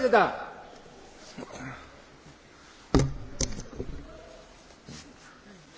Preda.